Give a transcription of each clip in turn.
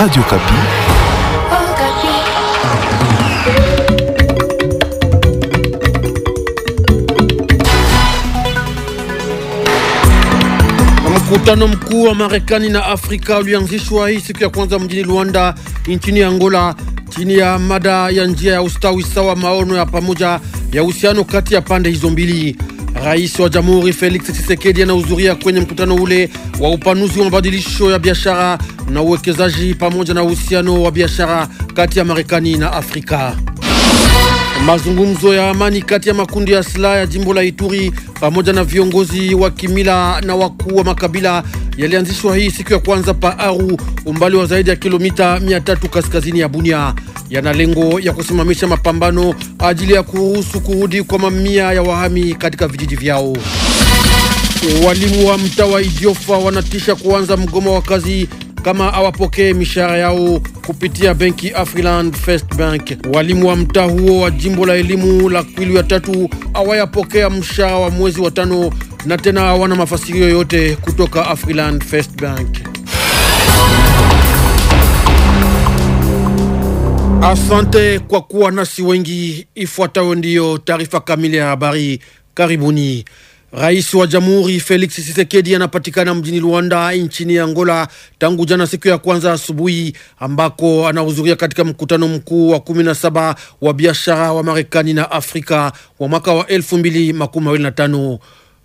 Radio Kapi. Mkutano mkuu wa Marekani na Afrika ulianzishwa hii siku ya kwanza mjini Luanda nchini Angola chini ya mada ya njia ya ustawi sawa, maono ya pamoja ya uhusiano kati ya pande hizo mbili. Rais wa Jamhuri Felix Tshisekedi anahudhuria kwenye mkutano ule wa upanuzi wa mabadilisho ya biashara na uwekezaji pamoja na uhusiano wa biashara kati ya Marekani na Afrika. Mazungumzo ya amani kati ya makundi ya silaha ya jimbo la Ituri pamoja na viongozi wa kimila na wakuu wa makabila yalianzishwa hii siku ya kwanza pa Aru, umbali wa zaidi ya kilomita 300 kaskazini ya Bunia. Yana lengo ya kusimamisha mapambano ajili ya kuruhusu kurudi kwa mamia ya wahami katika vijiji vyao. Walimu wa mtaa wa Idiofa wanatisha kuanza mgomo wa kazi kama awapokee mishahara yao kupitia benki Afriland First Bank. Walimu wa mtaa huo wa jimbo la elimu la Kwilu ya tatu awayapokea mshahara wa mwezi wa tano na tena hawana mafasirio yoyote kutoka Afriland First Bank. Asante kwa kuwa nasi wengi. Ifuatayo ndiyo taarifa kamili ya habari. Karibuni. Rais wa Jamhuri Felix Tshisekedi anapatikana mjini Luanda nchini Angola tangu jana siku ya kwanza asubuhi, ambako anahudhuria katika mkutano mkuu wa 17 wa biashara wa Marekani na Afrika wa mwaka wa 2025.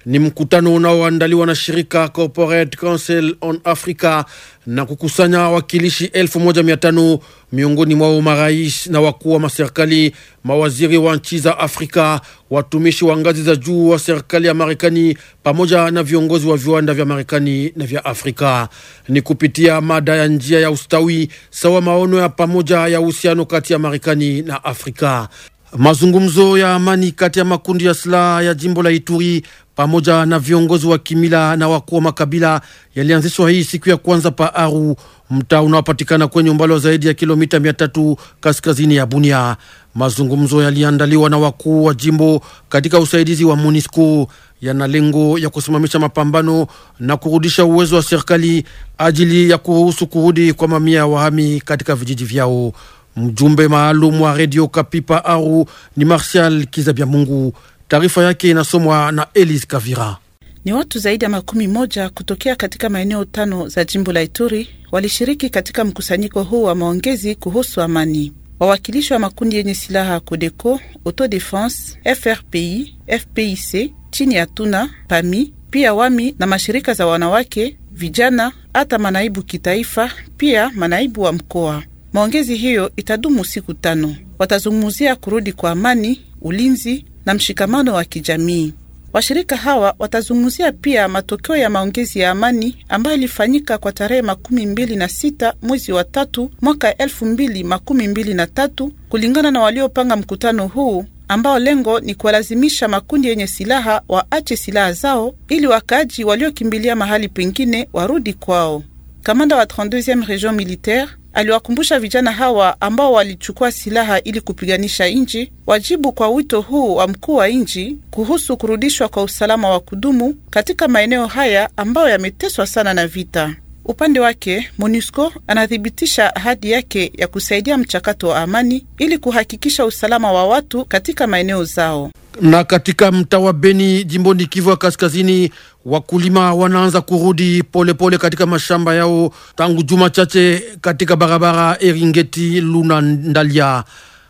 Ni mkutano unaoandaliwa na shirika Corporate Council on Africa na kukusanya wawakilishi 1500 miongoni mwao marais na wakuu wa maserikali, mawaziri wa nchi za Afrika, watumishi wa ngazi za juu wa serikali ya Marekani pamoja na viongozi wa viwanda vya Marekani na vya Afrika. Ni kupitia mada ya njia ya ustawi sawa, maono ya pamoja ya uhusiano kati ya Marekani na Afrika. Mazungumzo ya amani kati ya makundi ya silaha ya jimbo la Ituri pamoja na viongozi wa kimila na wakuu wa makabila yalianzishwa hii siku ya kwanza pa Aru, mtaa unaopatikana kwenye umbali wa zaidi ya kilomita mia tatu kaskazini ya Bunia. Mazungumzo yaliandaliwa na wakuu wa jimbo katika usaidizi wa MONUSCO yana lengo ya kusimamisha mapambano na kurudisha uwezo wa serikali ajili ya kuruhusu kurudi kwa mamia ya wahami katika vijiji vyao. Mjumbe maalum wa redio Kapipa Aru ni Marshal Kizabya Mungu. Taarifa yake inasomwa na Elise Kavira. Ni watu zaidi ya makumi moja kutokea katika maeneo tano za jimbo la Ituri walishiriki katika mkusanyiko huu wa maongezi kuhusu amani. Wawakilishi wa makundi yenye silaha Kodeko, Auto Defense, FRPI, FPIC, chini ya Tuna, PAMI, pia wami na mashirika za wanawake, vijana, hata manaibu kitaifa, pia manaibu wa mkoa. Maongezi hiyo itadumu siku tano. Watazungumzia kurudi kwa amani, ulinzi na mshikamano wa kijamii. Washirika hawa watazungumzia pia matokeo ya maongezi ya amani ambayo ilifanyika kwa tarehe makumi mbili na sita mwezi wa tatu mwaka elfu mbili makumi mbili na tatu kulingana na waliopanga mkutano huu ambao lengo ni kuwalazimisha makundi yenye silaha waache silaha zao ili wakaaji waliokimbilia mahali pengine warudi kwao. Kamanda wa 32e Region Militaire aliwakumbusha vijana hawa ambao walichukua silaha ili kupiganisha nchi wajibu kwa wito huu wa mkuu wa nchi kuhusu kurudishwa kwa usalama wa kudumu katika maeneo haya ambayo yameteswa sana na vita. Upande wake MONUSCO anathibitisha ahadi yake ya kusaidia mchakato wa amani ili kuhakikisha usalama wa watu katika maeneo zao. Na katika mtaa wa Beni jimboni Kivu ya Kaskazini, wakulima wanaanza kurudi polepole pole katika mashamba yao tangu juma chache katika barabara Eringeti Luna Ndalia,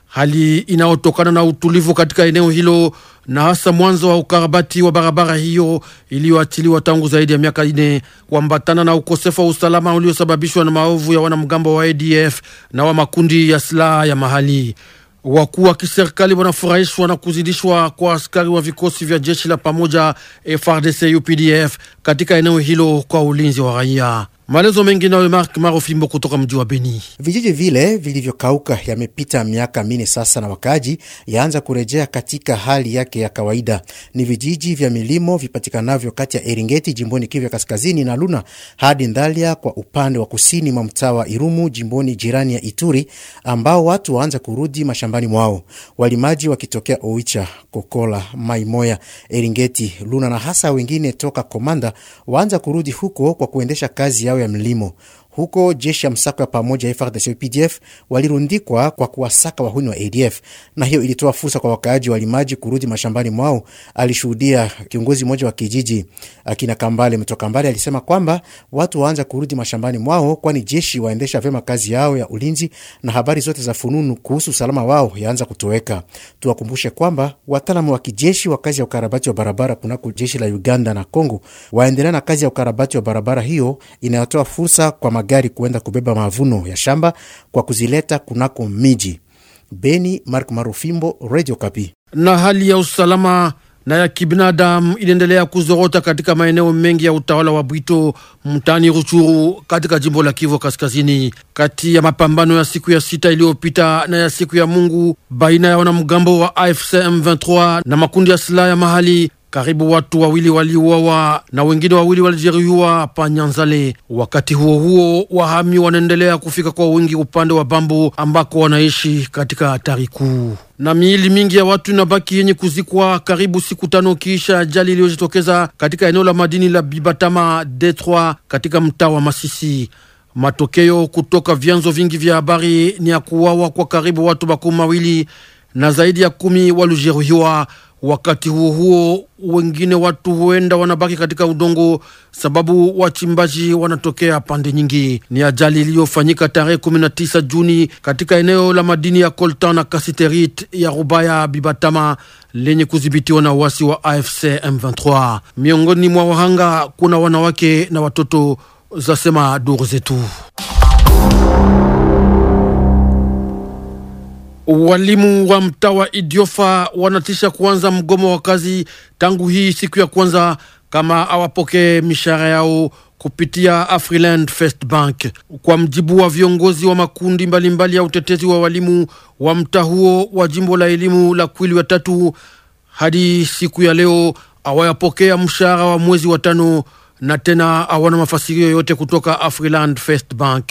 hali inayotokana na utulivu katika eneo hilo na hasa mwanzo wa ukarabati wa barabara hiyo iliyoachiliwa tangu zaidi ya miaka ine kuambatana na ukosefu wa usalama uliosababishwa na maovu ya wanamgambo wa ADF na wa makundi ya silaha ya mahali. Wakuu wa kiserikali wanafurahishwa na kuzidishwa kwa askari wa vikosi vya jeshi la pamoja frdc UPDF katika eneo hilo kwa ulinzi wa raia. Maelezo mengi nayo Mark Marofimbo kutoka mji wa Beni. Vijiji vile vilivyokauka yamepita miaka mine sasa, na wakaji yaanza kurejea katika hali yake ya kawaida. Ni vijiji vya milimo vipatikanavyo kati ya Eringeti jimboni Kivu ya Kaskazini na Luna hadi Ndalia kwa upande wa kusini mwa mtaa wa Irumu jimboni jirani ya Ituri, ambao watu waanza kurudi mashambani mwao, walimaji wakitokea Oicha, Kokola, Maimoya, Eringeti, Luna na hasa wengine toka Komanda waanza kurudi huko kwa kuendesha kazi ya yao ya mlimo Huko jeshi ya msako ya pamoja ya FARDC UPDF walirundikwa kwa kuwasaka wahuni wa ADF, na hiyo ilitoa fursa kwa wakaaji wa Limaji kurudi mashambani mwao. Alishuhudia kiongozi mmoja wa kijiji akina Kambale mtoka Kambale, alisema kwamba watu waanza kurudi mashambani mwao, kwani jeshi waendesha vyema kazi yao ya ulinzi na habari zote za fununu kuhusu usalama wao yaanza kutoweka. Tuwakumbushe kwamba wataalamu wa kijeshi wa kazi ya ukarabati wa barabara kunako jeshi la Uganda na Congo waendelea na kazi ya ukarabati wa barabara hiyo inayotoa fursa kwa magari kuenda kubeba mavuno ya shamba kwa kuzileta kunako miji. Beni, Mark Marufimbo, Radio Kapi. Na hali ya usalama na ya kibinadamu inaendelea kuzorota katika maeneo mengi ya utawala wa Bwito mtaani Ruchuru katika jimbo la Kivu Kaskazini. Kati ya mapambano ya siku ya sita iliyopita na ya siku ya Mungu baina ya wanamgambo wa AFC M23 na makundi ya silaha ya mahali karibu watu wawili waliuawa na wengine wawili walijeruhiwa hapa Nyanzale. Wakati huo huo, wahami wanaendelea kufika kwa wingi upande wa Bambu ambako wanaishi katika hatari kuu, na miili mingi ya watu inabaki yenye kuzikwa karibu siku tano kisha ajali iliyojitokeza katika eneo la madini la Bibatama D3 katika mtaa wa Masisi. Matokeo kutoka vyanzo vingi vya habari ni ya kuwawa kwa karibu watu makumi mawili na zaidi ya kumi walijeruhiwa Wakati huo huo, wengine watu huenda wanabaki katika udongo sababu wachimbaji wanatokea pande nyingi. Ni ajali iliyofanyika tarehe 19 Juni katika eneo la madini ya coltan na kasiterit ya Rubaya Bibatama lenye kudhibitiwa na uasi wa AFC M23. Miongoni mwa wahanga kuna wanawake na watoto, zasema duru zetu. Walimu wa mtaa wa Idiofa wanatisha kuanza mgomo wa kazi tangu hii siku ya kwanza kama awapokee mishahara yao kupitia Afriland First Bank. Kwa mjibu wa viongozi wa makundi mbalimbali mbali ya utetezi wa walimu wa mtaa huo wa jimbo la elimu la Kwili wa tatu, hadi siku ya leo awayapokea mshahara wa mwezi wa tano, na tena awana mafasirio yoyote kutoka Afriland First Bank.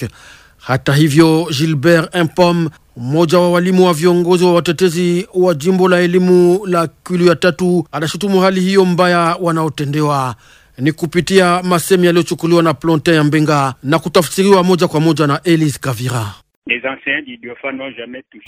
Hata hivyo Gilbert Impom mmoja wa walimu wa viongozi wa watetezi wa jimbo la elimu la Kwilu ya tatu anashutumu hali hiyo mbaya wanaotendewa ni kupitia masemi yaliyochukuliwa na Plontin ya Mbenga na kutafsiriwa moja kwa moja na Elise Kavira.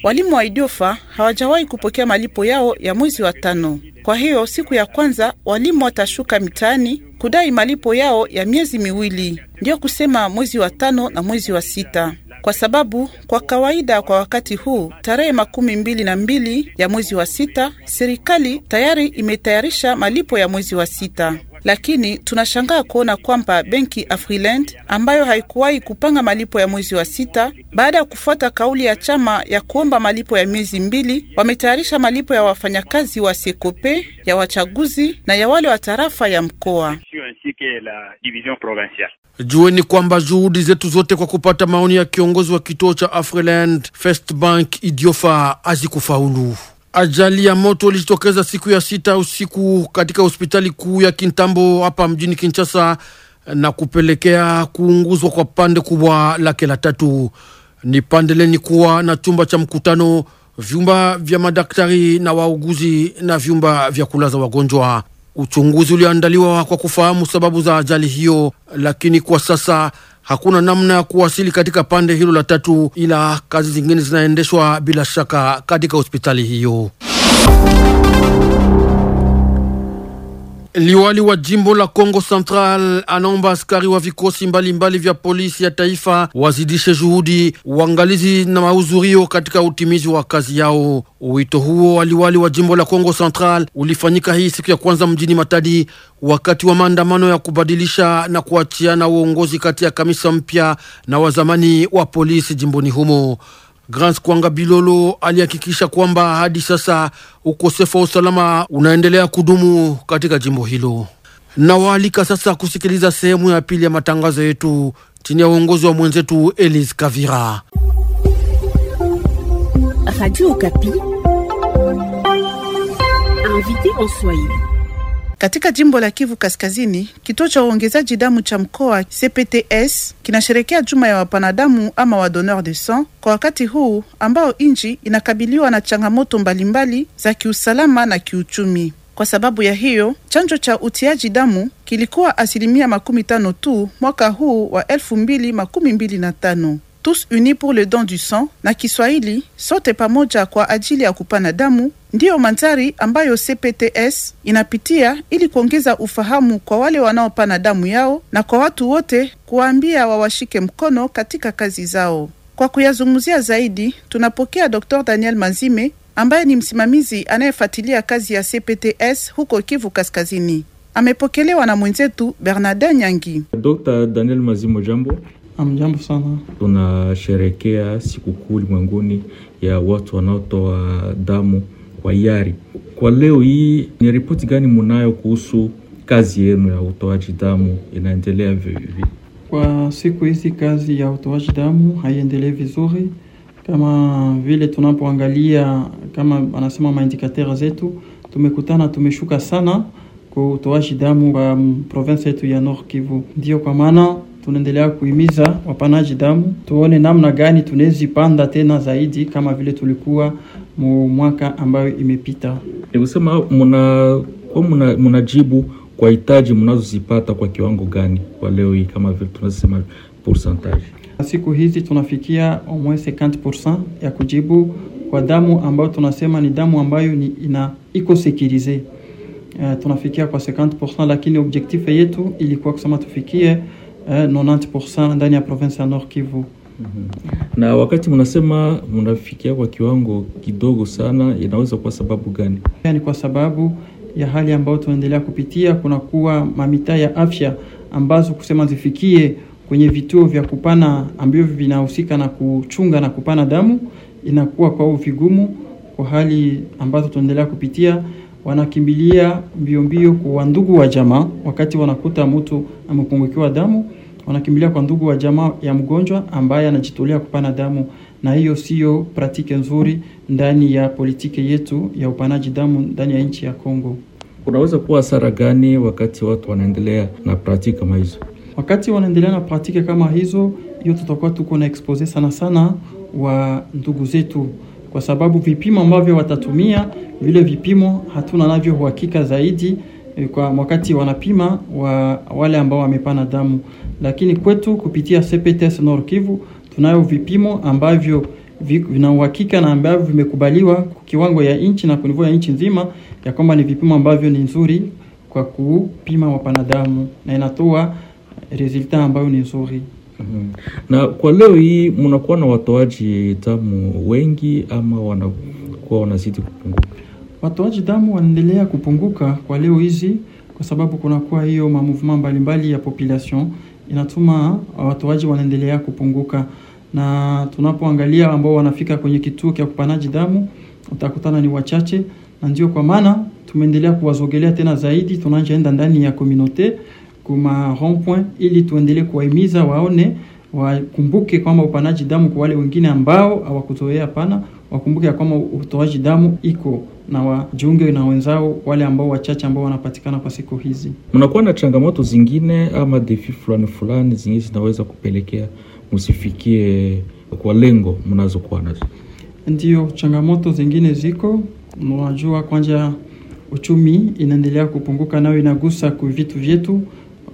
Walimu wa Idiofa hawajawahi kupokea malipo yao ya mwezi wa tano. Kwa hiyo siku ya kwanza walimu watashuka mitaani kudai malipo yao ya miezi miwili, ndiyo kusema mwezi wa tano na mwezi wa sita kwa sababu kwa kawaida kwa wakati huu tarehe makumi mbili na mbili ya mwezi wa sita serikali tayari imetayarisha malipo ya mwezi wa sita lakini tunashangaa kuona kwamba benki Afriland ambayo haikuwahi kupanga malipo ya mwezi wa sita baada ya kufuata kauli ya chama ya kuomba malipo ya miezi mbili, wametayarisha malipo ya wafanyakazi wa Sekope, ya wachaguzi na ya wale wa tarafa ya mkoa. Jueni kwamba juhudi zetu zote kwa kupata maoni ya kiongozi wa kituo cha Afriland First Bank Idiofa hazikufaulu. Ajali ya moto ilijitokeza siku ya sita usiku katika hospitali kuu ya Kintambo hapa mjini Kinshasa na kupelekea kuunguzwa kwa pande kubwa lake la tatu. Ni pande leni kuwa na chumba cha mkutano, vyumba vya madaktari na wauguzi na vyumba vya kulaza wagonjwa. Uchunguzi uliandaliwa kwa kufahamu sababu za ajali hiyo, lakini kwa sasa hakuna namna ya kuwasili katika pande hilo la tatu, ila kazi zingine zinaendeshwa bila shaka katika hospitali hiyo. Liwali wa jimbo la Kongo Central anaomba askari wa vikosi mbalimbali mbali vya polisi ya taifa wazidishe juhudi, uangalizi na mahudhurio katika utimizi wa kazi yao. Wito huo aliwali wa jimbo la Kongo Central ulifanyika hii siku ya kwanza mjini Matadi wakati wa maandamano ya kubadilisha na kuachiana uongozi kati ya kamisa mpya na wazamani wa polisi jimboni humo. Grans Kwanga Bilolo alihakikisha kwamba hadi sasa ukosefu wa usalama unaendelea kudumu katika jimbo hilo. Nawaalika sasa kusikiliza sehemu ya pili ya matangazo yetu chini ya uongozi wa mwenzetu Elise Kavira. Radio Okapi invité en Swahili. Katika jimbo la Kivu Kaskazini, kituo cha uongezaji damu cha mkoa CPTS kinasherekea juma ya wapanadamu ama wa donneur de sang kwa wakati huu ambao nchi inakabiliwa na changamoto mbalimbali za kiusalama na kiuchumi. Kwa sababu ya hiyo, chanjo cha utiaji damu kilikuwa asilimia makumi tano tu mwaka huu wa elfu mbili makumi mbili na tano. Tous unis pour le don du sang na Kiswahili, sote pamoja kwa ajili ya kupana damu, ndiyo mandhari ambayo CPTS inapitia ili kuongeza ufahamu kwa wale wanaopana damu yao na kwa watu wote kuwaambia wawashike mkono katika kazi zao. Kwa kuyazungumzia zaidi, tunapokea Dr. Daniel Mazime ambaye ni msimamizi anayefuatilia kazi ya CPTS huko Kivu Kaskazini. Amepokelewa na mwenzetu Bernardin Nyangi. Dr. Daniel Mazimo, jambo. Amjambo sana. Tunasherekea sikukuu ulimwenguni ya watu wanaotoa damu kwa hiari. Kwa leo hii, ni ripoti gani munayo kuhusu kazi yenu ya utoaji damu inaendelea vivi? Kwa siku hizi kazi ya utoaji damu haiendelee vizuri kama vile tunapoangalia, kama anasema maindikatera zetu, tumekutana tumeshuka sana kwa utoaji damu kwa province yetu ya Nord Kivu, ndio kwa maana tunaendelea kuhimiza wapanaji damu tuone namna gani tunawezipanda tena zaidi kama vile tulikuwa mu mwaka ambayo imepita. nikusema kusema mnajibu muna, munajibu kwa hitaji mnazozipata kwa kiwango gani kwa leo hii, kama vile tunasema pourcentage? Siku hizi tunafikia au moins 50% ya kujibu kwa damu ambayo tunasema ni damu ambayo ni ina iko sekirize. Uh, tunafikia kwa 50% lakini objectif yetu ilikuwa kusema tufikie 90% eh, ndani ya province ya North Kivu. Mm -hmm. Na wakati mnasema mnafikia kwa kiwango kidogo sana, inaweza kwa sababu gani? Ni kwa sababu ya hali ambayo tunaendelea kupitia. Kunakuwa mamitaa ya afya ambazo kusema zifikie kwenye vituo vya kupana ambavyo vinahusika na kuchunga na kupana damu, inakuwa kwa vigumu, kwa hali ambazo tunaendelea kupitia wanakimbilia mbio mbio kwa ndugu wa jamaa. Wakati wanakuta mtu amepungukiwa damu, wanakimbilia kwa ndugu wa jamaa ya mgonjwa ambaye anajitolea kupana damu, na hiyo siyo pratike nzuri ndani ya politiki yetu ya upanaji damu ndani ya nchi ya Kongo. unaweza kuwa sara gani wakati watu wanaendelea na pratiki kama hizo? Wakati wanaendelea na pratike kama hizo, hiyo tutakuwa tuko na expose sana sana wa ndugu zetu kwa sababu vipimo ambavyo watatumia vile vipimo hatuna navyo uhakika zaidi e, kwa wakati wanapima wa wale ambao wamepana damu, lakini kwetu kupitia CPTS Nord Kivu tunayo vipimo ambavyo vina uhakika na ambavyo vimekubaliwa kwa kiwango ya nchi na kwa ya nchi nzima ya kwamba ni vipimo ambavyo ni nzuri kwa kupima wapana damu na inatoa resulta ambayo ni nzuri. Mhm. Na kwa leo hii mnakuwa na watoaji damu wengi ama wanakuwa wanazidi kupunguka? Watoaji damu wanaendelea kupunguka kwa leo hizi, kwa sababu kunakuwa hiyo mamovement mbalimbali ya population inatuma uh, watoaji wanaendelea kupunguka, na tunapoangalia ambao wanafika kwenye kituo cha kupanaji damu utakutana ni wachache, na ndio kwa maana tumeendelea kuwazogelea tena zaidi, tunaanjaenda ndani ya komunote kuma rond-point ili tuendelee kuwahimiza waone, wakumbuke kwamba upanaji damu kwa wale wengine ambao hawakutoea pana, wakumbuke kwamba utoaji damu iko na wajiunge na wenzao wale ambao wachache ambao wanapatikana kwa siku hizi. Mnakuwa na changamoto zingine ama defi fulani fulani zingine zinaweza kupelekea msifikie kwa lengo mnazokuwa nazo? Ndio, changamoto zingine ziko. najua kwanza uchumi inaendelea kupunguka, nayo inagusa kwa vitu vyetu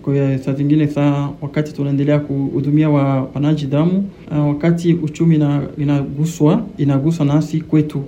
kwa saa zingine saa wakati tunaendelea kuhudumia wa damu uh, wakati uchumi na, inaguswa inaguswa nasi kwetu,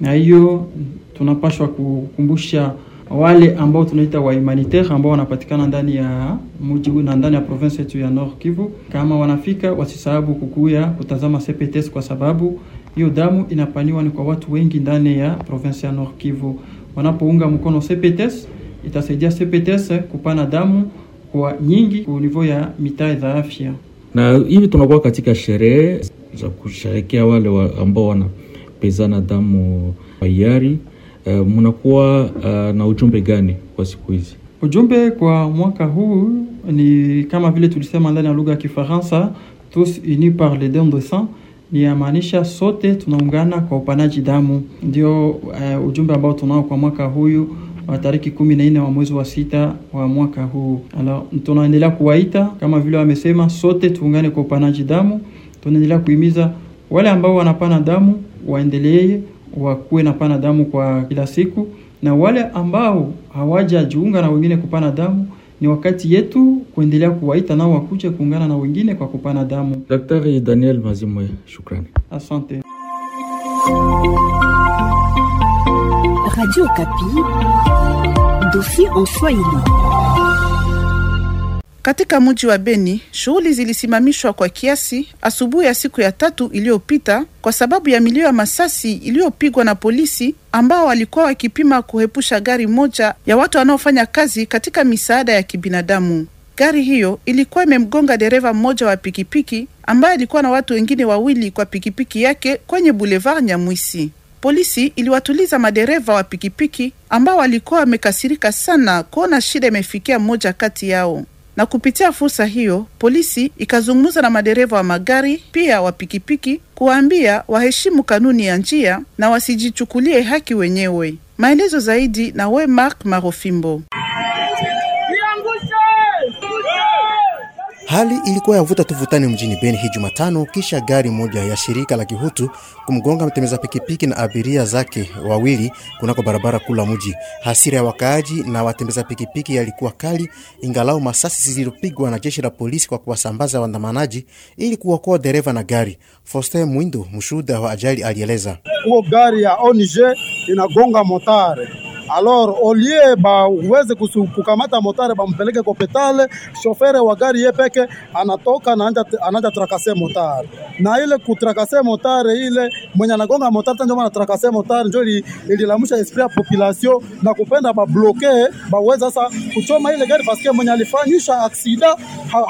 na hiyo tunapashwa kukumbusha wale ambao tunaita wa humanitaire ambao wanapatikana ndani ya mji na ndani ya province yetu ya Nord Kivu, kama wanafika wasisahabu kukuya kutazama CPTS, kwa sababu hiyo damu inapaniwa ni kwa watu wengi ndani ya province ya Nord Kivu. Wanapounga mkono CPTS, itasaidia CPTS kupana damu kwa nyingi ku ya mitaa za afya, na hivi tunakuwa katika sherehe za kusherekea wale wa ambao wanapezana damu waiari Uh, eh, mnakuwa uh, na ujumbe gani kwa siku hizi? Ujumbe kwa mwaka huu ni kama vile tulisema ndani ya lugha ya Kifaransa, tous unis par le don de sang, ni sote tunaungana kwa upanaji damu. Ndio uh, ujumbe ambao tunao kwa mwaka huyu wa ah, tariki kumi na nne wa mwezi wa sita wa mwaka huu. Alors tunaendelea kuwaita kama vile wamesema, sote tuungane kwa upanaji damu. Tunaendelea kuhimiza wale ambao wanapana damu waendelee wakuwe na pana damu kwa kila siku, na wale ambao hawajajiunga na wengine kupana damu ni wakati yetu kuendelea kuwaita nao wakuje kuungana na wengine kwa kupana damu. Daktari Daniel Mazimwe, shukrani, asante. Radio Kapi, dosi en Swahili. Katika mji wa Beni, shughuli zilisimamishwa kwa kiasi asubuhi ya siku ya tatu iliyopita kwa sababu ya milio ya masasi iliyopigwa na polisi ambao walikuwa wakipima kuhepusha gari moja ya watu wanaofanya kazi katika misaada ya kibinadamu. Gari hiyo ilikuwa imemgonga dereva mmoja wa pikipiki ambaye alikuwa na watu wengine wawili kwa pikipiki yake kwenye Boulevard Nyamwisi polisi iliwatuliza madereva wa pikipiki ambao walikuwa wamekasirika sana kuona shida imefikia mmoja kati yao. Na kupitia fursa hiyo, polisi ikazungumza na madereva wa magari pia wa pikipiki kuwaambia waheshimu kanuni ya njia na wasijichukulie haki wenyewe. Maelezo zaidi na we Mark Marofimbo. Hali ilikuwa yavuta tuvutani mjini Beni hii Jumatano kisha gari moja ya shirika la kihutu kumgonga mtembeza pikipiki na abiria zake wawili kunako barabara kula mji. Hasira ya wakaaji na watembeza pikipiki yalikuwa kali, ingalau masasi zilizopigwa na jeshi la polisi kwa kuwasambaza waandamanaji ili kuwakoa dereva na gari. foste Mwindo, mshuhuda wa ajali, alieleza huo gari ya ONG inagonga motare alors olie baweze kukamata motare bampeleke kopetale, shofere wa gari yepeke anatoka anaanja trakase motare, na ile kutrakase motare ile mwenye anagonga motare tanjo maana trakase motare njo ililamusha esprit ya population na kupenda babloke baweza sasa kuchoma ile gari paske mwenye alifanyisha aksida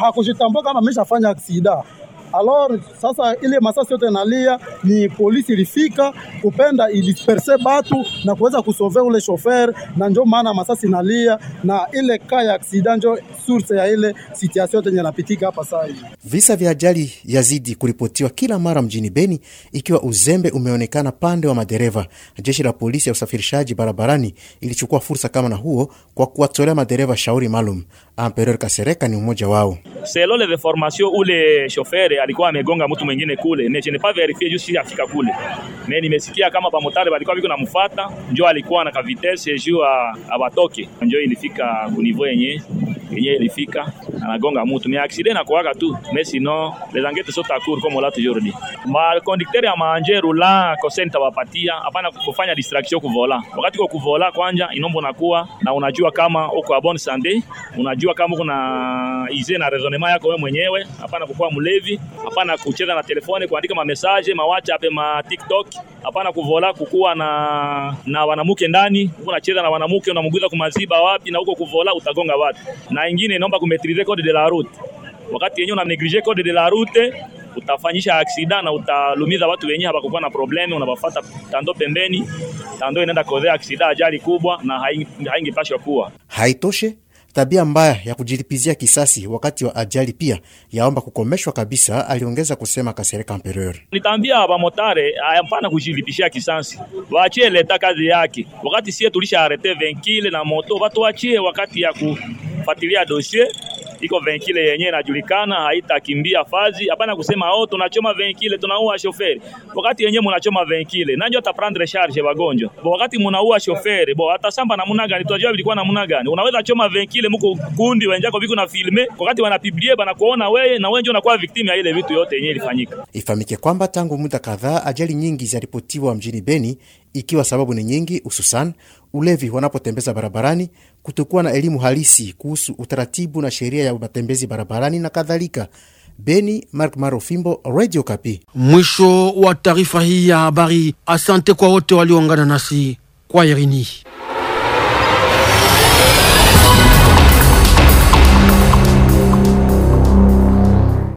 hakujitambua kama ameshafanya aksida. Alors sasa ile masasi yote nalia ni polisi ilifika kupenda ilisperse batu na kuweza kusove ule shofer, na njo maana masasi nalia na ile kaa ya aksida njo source ya ile situation yote yenye napitika hapa sasa Visa vya ajali yazidi kuripotiwa kila mara mjini Beni, ikiwa uzembe umeonekana pande wa madereva. Jeshi la polisi ya usafirishaji barabarani ilichukua fursa kama na huo kwa kuwatolea madereva shauri maalum. Amperor Kasereka ni mmoja wao. Selo le formasio ule chauffeur alikuwa amegonga mtu mwingine kule. Ne je ne pas verifier juste si afika kule. ni nimesikia kama bamotari walikuwa biko namfuata, njoo alikuwa na vitesse juu abatoke. Njoo ilifika ku niveau yenye yenye ilifika anagonga mutu, ni accident na kuwaka tu mais sinon les enquêtes sont à court comme on l'a toujours dit. Ma conducteur ya maanje rula kosenta wapatia hapana kufanya distraction kuvola. Wakati kwa kuvola kwanja inombo nakuwa na unajua kama uko abon sande, unajua kama kuna na ize na raisonnement yako wewe mwenyewe, hapana kukua mlevi, hapana kucheza na telefone, kuandika ma message, ma WhatsApp, ma TikTok, hapana kuvola kukua na na wanamuke ndani, unacheza na wanamuke unamguza kumaziba wapi na huko kuvola utagonga watu. Na ingine inaomba kumetrize code de la route. Wakati yenyewe unamneglije code de la route utafanyisha aksida na utalumiza watu wenyewe hawakukuwa na probleme, unawafuata tando pembeni, tando inaenda kodhea aksida, ajali kubwa na haingepashwa kuwa. Haitoshe, tabia mbaya ya kujilipizia kisasi wakati wa ajali pia yaomba kukomeshwa kabisa, aliongeza kusema Kasereka Empereur. Nitaambia bamotare hapana kujilipishia kisasi, waachie leta kazi yake. Wakati sie tulisha arete venkile na moto, watu waachie wakati ya kufuatilia dosie iko venkile yenyewe inajulikana, haitakimbia fazi. Hapana kusema oh, tunachoma venkile tunaua shoferi, wakati yenyewe mnachoma venkile nanjo ataprendre charge wagonjwa Wakati mnaua shoferi bo, atasamba namna gani? Tunajua ilikuwa namna gani. Unaweza choma venkile, mko kundi wenzako viko na filme, wakati wanapiblie bana kuona wewe na wewe ndio unakuwa victim ya ile vitu yote yenyewe ilifanyika. Ifahamike kwamba tangu muda kadhaa ajali nyingi zaripotiwa mjini Beni, ikiwa sababu ni nyingi, hususan ulevi wanapotembeza barabarani kutokuwa na elimu halisi kuhusu utaratibu na sheria ya matembezi barabarani na kadhalika. Beni, Mark Marofimbo, Radio Kapi. Mwisho wa taarifa hii ya habari. Asante kwa wote walioungana nasi kwa Irini.